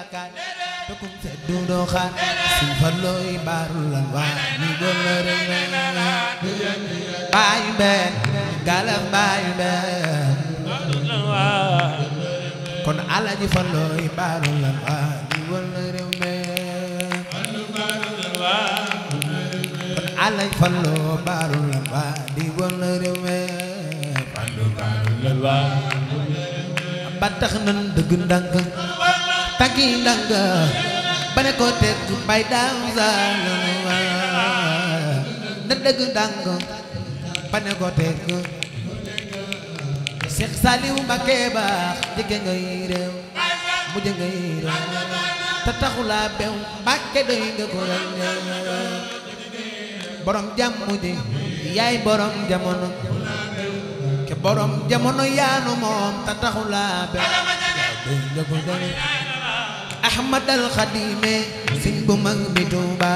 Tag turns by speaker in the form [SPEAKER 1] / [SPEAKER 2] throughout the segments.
[SPEAKER 1] yaakaar dëkkum te du doxaan suñ fa looy baaru lan waa ñu dolla rëng baay mbeen galam baay mbeen kon alaji fa looy baaru lan waa ñu dolla rëng kon alaji fa loo baaru lan waa di walla rëng ba tax nan dëgg ndànk tagi ndanga bane ko tek bay dawza na dëgg ndanga bane ko tek Cheikh Saliou ba jege ngay réew mu jege ngay réew te taxula bew Mbacké doy nga ko borom jàmm ji yaay borom jamono ke borom jamono yaanu moom te taxula bew ahmad al xadime siñ bu mag bi tuuba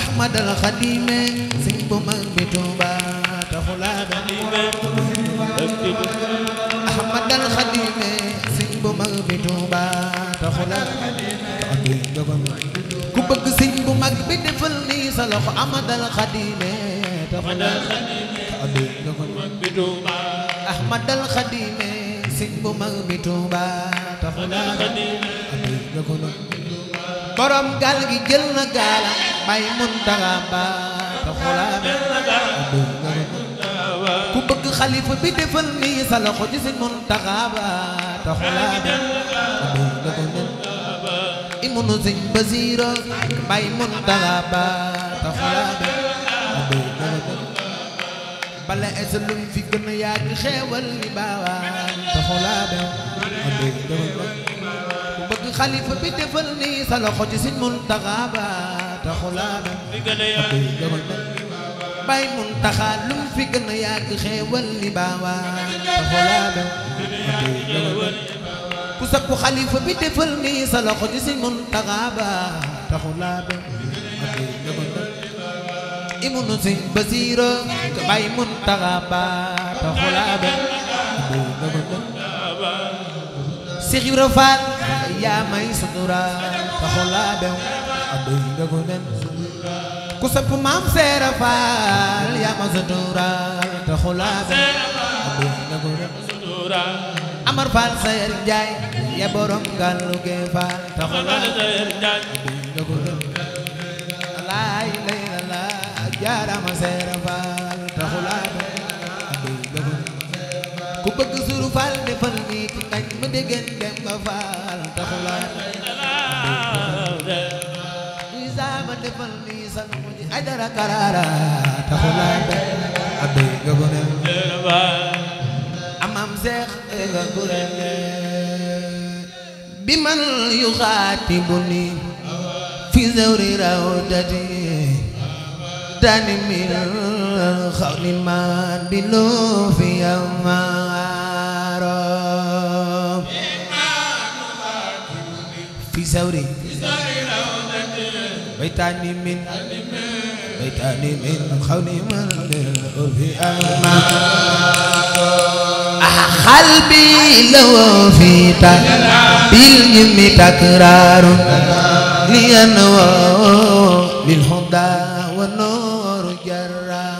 [SPEAKER 1] ahmad al xadime siñ bu mag bi tuuba ahmad al xadime ahmad al xadime ahmad al xadime bu mag bi Touba tax na ko borom gaal gi jël na gaala bay mun taxa ba taxulaa ku bëgg xalifa bi defal nii sa loxo ci sëñ mun taxa ba taxulaa i munu sëñ Basiiro bay mun taxa ba taxulaa bala esalum fi gën a yàgg xeewal li baawaa loxo ba ku Muntaxa ba fi gën a yàgg xeewal li baawaan taxu laa ku xalifa bi defal nii sa loxo ci Muntaxa ba taxu laa bew andooy ba imunu bay Muntaxa ba taxu Seex Ibra Faal yaa may sutural taxul laa bew adoy nga ko dem ku sopp maam Seera Faal yaa ma sutural taxul laa bew adoy nga ko dem Amar Faal Seer Njaay ya borom gàllu ge Faal laa Seer Njaay adoy nga ko dem laay lay la la jaarama fal nii ci kañ mu déggeen dem ba faal taxulaay duy saama defal nii san mu ji ajara karaara taxulaay abdu nga gone amam seex nga kureel bi man yu xaatibu nii fi zawri rawdati tani min xawli maan bi loo fi yamaan في زوري بيتاني من بيتاني من خولي من الأرب أما قلبي لو في بالجم تكرار لأنه بالهدى والنور جرار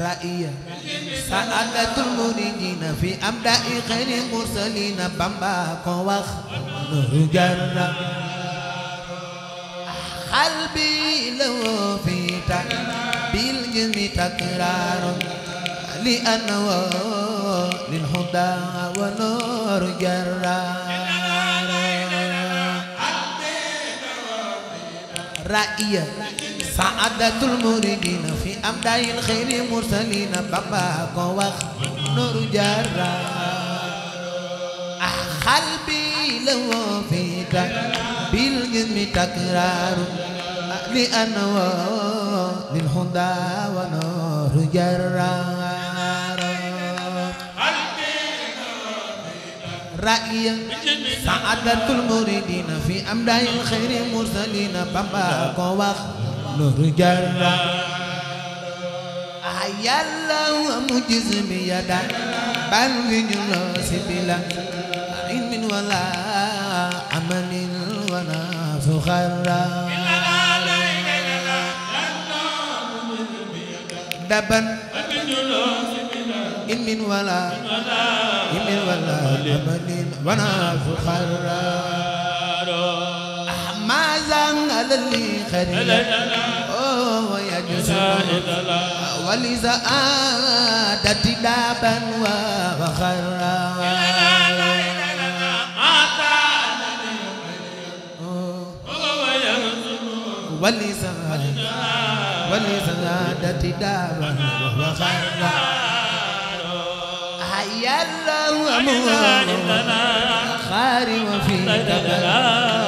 [SPEAKER 1] رأيه saadatul muridiina fi am daay xayri mursaliina Bamba ko wax lu jarna xalbi lawoo fi takk bil jëmi takraaru li ana woo lil hudaa wa nooru jaraaru raiya saadatul muridiina am daayil xayri mursalina Bamba ko wax nooru jaara ah xal bi la woo fi tak bil ngir mi takraaru ah, li ana woo lil xunda wa nooru jaara رأي سعادة المريدين في أمداء الخير مرسلين بابا كواخ نور جلال yàlla wa mujiz bi yada bal wi ñu loosi bi la ilmin wala amalin wala fuxara daban ilmin wala ilmin wala amalin wala fuxara ahmazan alali xarira يجزا ولذا آدت دابا وخرا ولذا ولذا آدت دابا وخرا حيا الله خارم في دبرا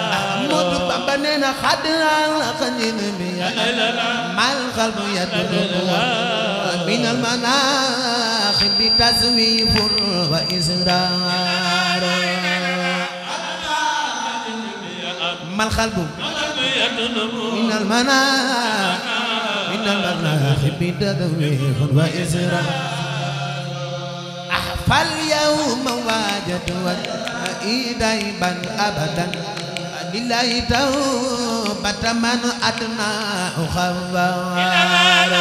[SPEAKER 2] Ahmadu Bamba
[SPEAKER 1] nee na xaddaal xanjin bi mal xalb yadlu min al manaaxib bi taswiif wa israar mal ah, xalb min al manaaxib bi taswiif wa israar فاليوم واجد وإيدي بل أبدا billahi tawbata man adna khawara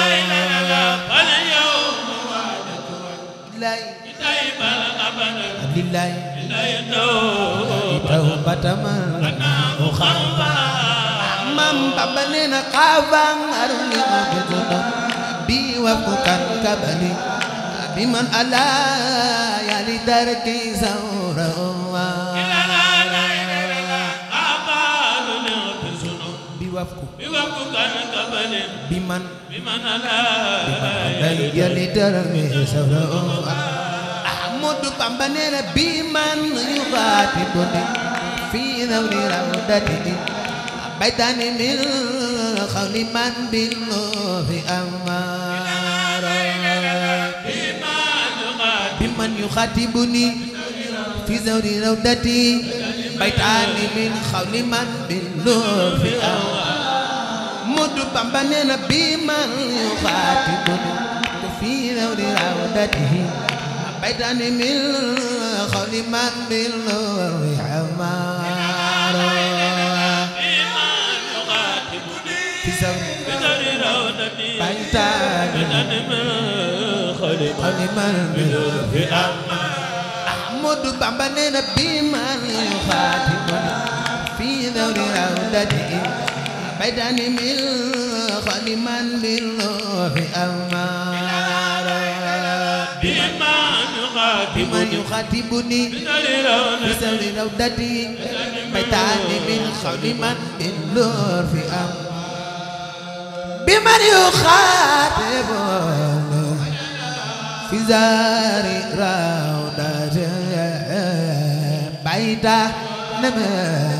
[SPEAKER 1] wal yawmu wa'adatu billahi billahi tawbata man adna khawara mam babalena qaban aruni biduna bi wa kukan kabali biman ala yali darki zawra بمن بمن لا يلد رمي سوره أحمد بمن بمن يغاتبني في ذور روضته بيتني من خول من بالله أمار بمن يخاتبني في ذور روضتي بيتاني من خول من بالله أمار Ahmadu bii man yu xaati daw di rawdatihi baytani mil xawli man fi daw di rawdatihi بدني من خدما لله أمارا بمن يخاطبني يخاطبني بسر روضتي بدني من خدما لله أمارا بمن يخاطبني في زار روضتي بعيدا نمر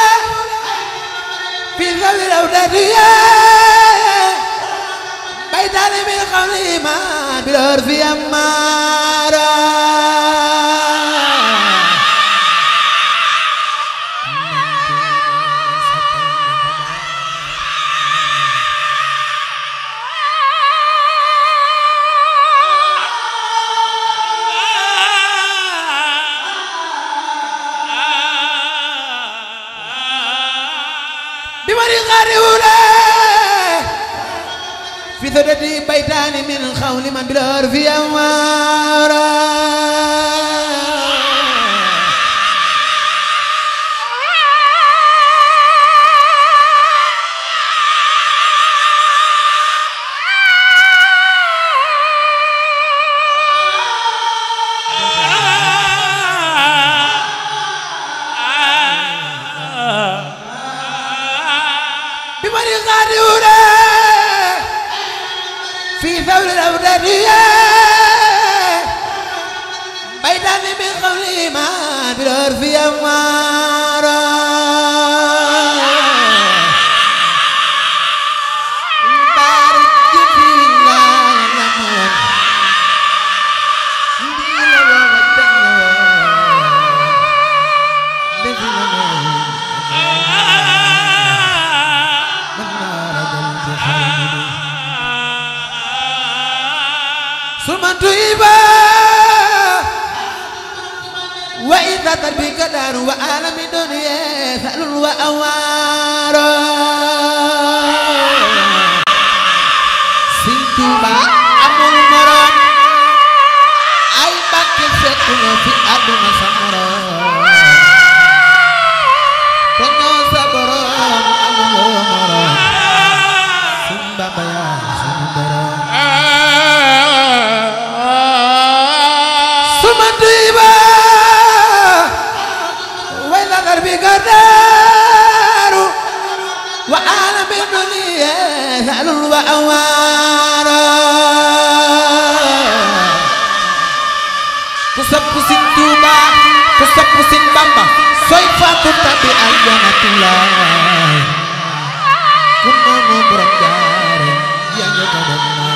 [SPEAKER 1] جودتي بيتنا من قبل ما بالعرف يما الشيطان من الخول من بالعرف يمارا Everybody is not doing it. بحول الأولادية بيتاني من قولي ما بالعرف يما طيبة وإذا تربيك دار وعالم دنيا سأل وأوار سنتوبة أمر مرام أي بكي سيكون في أدنى سمرام نزل وأوارا كسب سنتوبا كسب سنتبا سويفا تتبي أيانا تلا كنا نبرم دار يا يا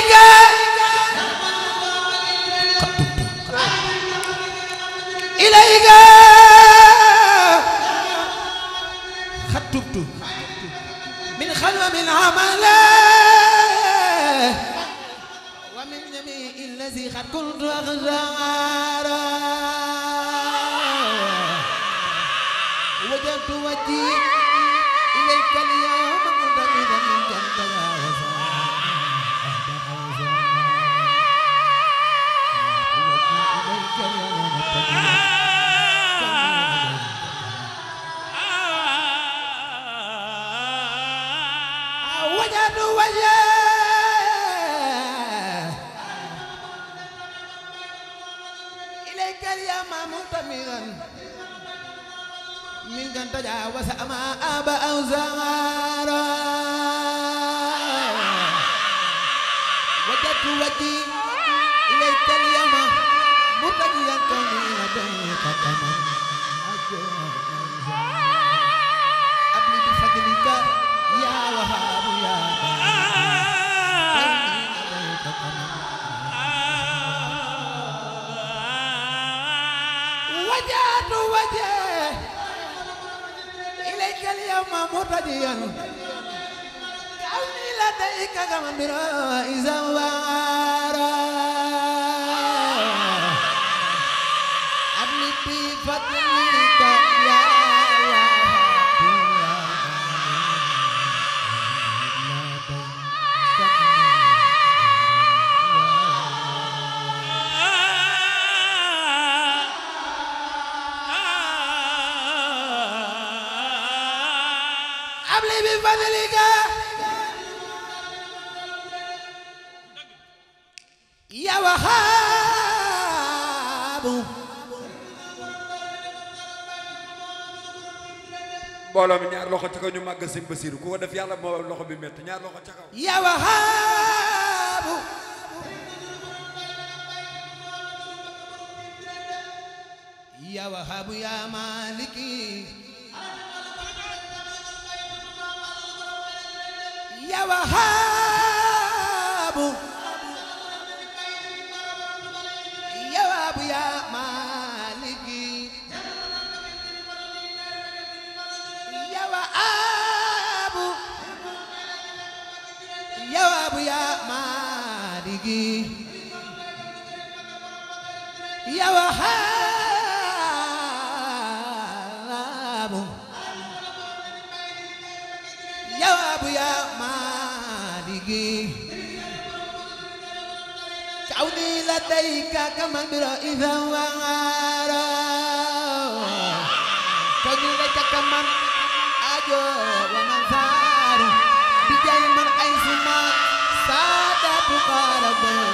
[SPEAKER 1] ذلك اجل يا ما منتمرا من كان تجاوز أما أبا أو زغارا وجدت وجهي إليك اليوم متجيا كوني لديك كما أبلي بفضلك يا وهاب يا بابا اليوم مرتديا جعلني لديك غمرا إذا وارا أبلي بفضلك بفضلك يا وهاب
[SPEAKER 2] mbooloo mi ñaar loxo ca kaw ñu màgg sëñ Basiiru ku def yàlla moo loxo bi métti ñaar
[SPEAKER 1] loxo ca kaw maaliki our heart. إياك مدر إذا وعارا كجولة كمن أجو ومن ثار بجاي من أيسما سادة قاربا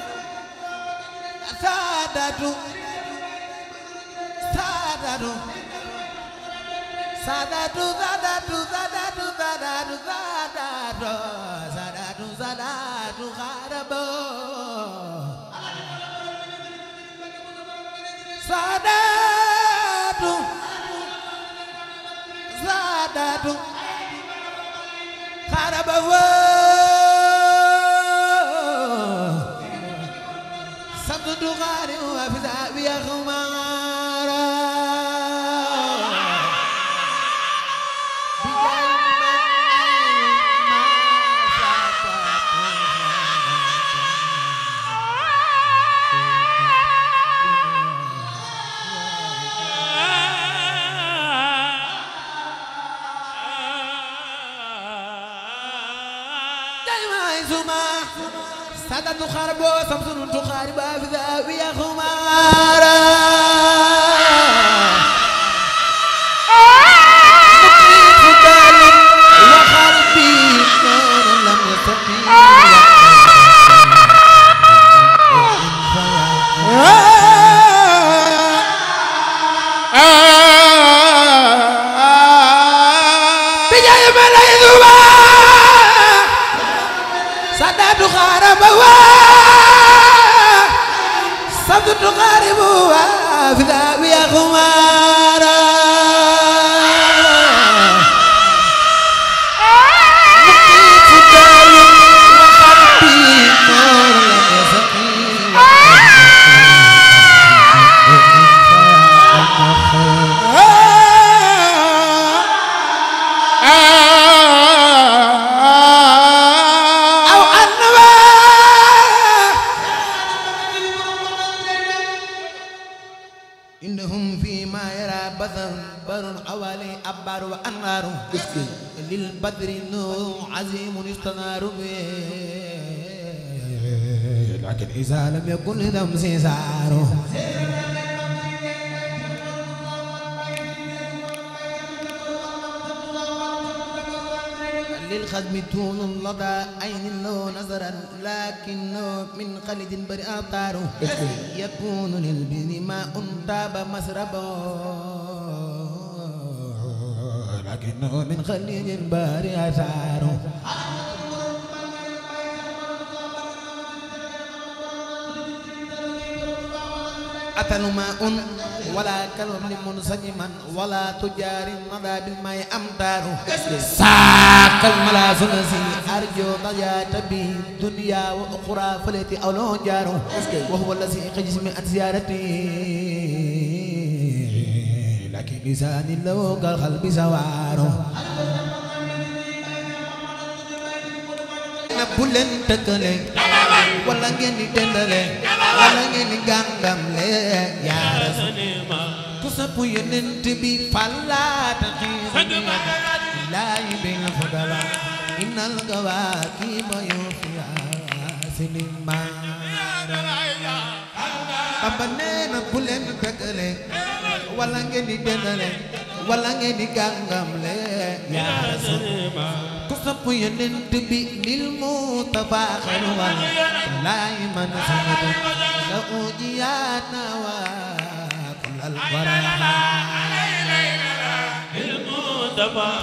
[SPEAKER 1] saadatu saadatu saadatu saadatu saadatu saadatu saadatu saadatu xaarabo saadatu saadatu xaarabo خرب وسمس تخارب في ذا ويا خمارا ne kulli dam sisaaro للخدم تون لدى عين لو نظرا لكنه من خلد بري أبطاره يكون للبن ماء تاب مسربه لكنه من خلد بري أثاره atanu ma un wala kalmun munsajiman wala tujaari nada bil may am daaru saakal mala sunasi arjo tajata bi dunya wa ukhra falati awlo jaaru wa huwa allazi qajismi at ziyarati laki lisani law gal qalbi sawaaro na bu leen tëkkale wala ngeen di dendale wala ngeen di gàngamle yaa rasul ku sopp yonent bi falaata xiir laa yi bi la fodala innal kawaakiba yoo fi asinima Bamba nee na bu leen dëggale wala ngeen di dendale wala ngeen di gàngamle yaa ku sopp yonent bi lil mu tabaaxal waa laay man sama doom la ujiyaat na waa kulal waraa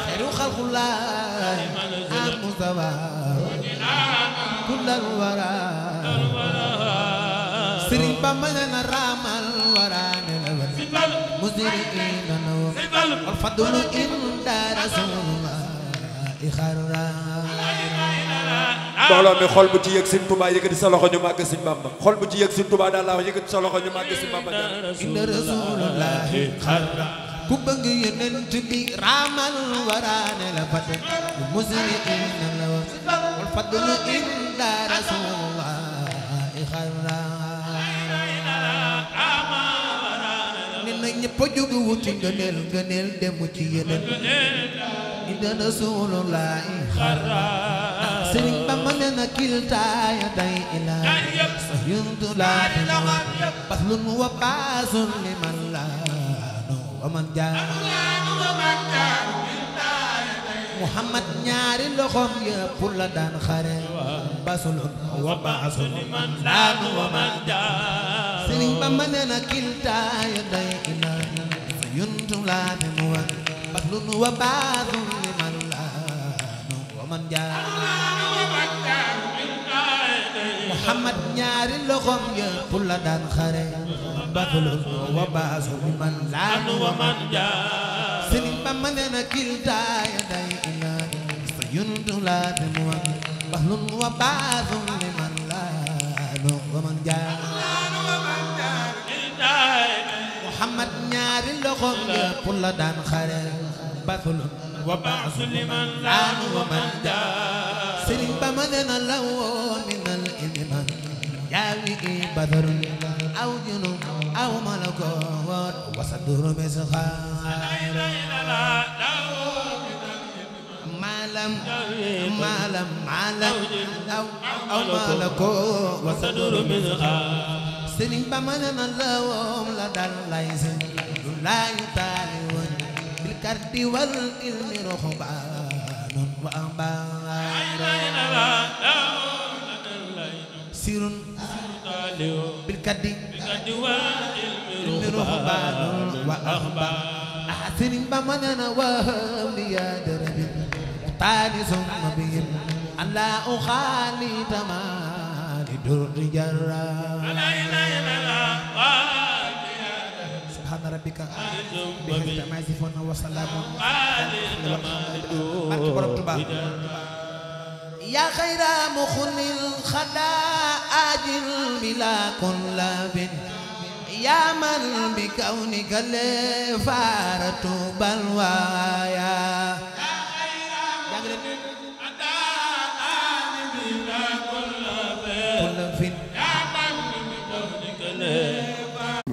[SPEAKER 1] خير خلق الله المصطفى كل الورى سري بمنا رامل ورى مزرئين الفضل عند رسول الله
[SPEAKER 2] mbooloo mi xol bu ci yëg Sëñ Tuubaa yëkkati sa màgg Sëñ Bamba xol bu ci yëg Sëñ Tuubaa daal laa yëkkati màgg Sëñ Bamba inna
[SPEAKER 1] rasulullahi xarra ku bëgg yonent bi raamal waraane la fate lu musri inna la wal fadlu inna rasulullahi xarra nee da rasulullahi xarra sëriñ Bamba nee na kiltaaya day ilaa yundu laa baslun wa baasun liman laanu wa man jaanu Muhammad ñaari loxoom yëpp la daan xare basul wa baasul man laanu wa man jaanu sëriñ Bamba nee na kiltaaya day ilaa yundu laa مكنون وباذ لمن لان ومن جان محمد ñaari loxoom yëpp la daan xare wa baasu liman wa man jaan sëriñ Bamba nee na kiltaaya day ilaa sayuntu wa bahlun wa baasu laan wa man jaan Muhammad ñaari loxo la daan xare batul wa ba'su liman laan wa man daa Sëriñ Ba ma ne na law minal iman yaawi badrun aw junu aw malakoot wa sadru misxaar sëriñ ba ma ne ma la woom la dal lay sëñ lu laayu taale woon bil kardi wal ilmi roxo ba noon wa ambaaro sirun bil kardi ilmi roxo ba noon wa ambaaro ah sëriñ ba ma ne na waam li yaa dara bi taani summa bihim an laa uxaali tamaa لدر جرا لا إله إلا الله سبحان ربك بحمد ما يصفون وسلام يا خير مخن الخدا أجل بلا كل بن يا من بكونك الفارة بلوايا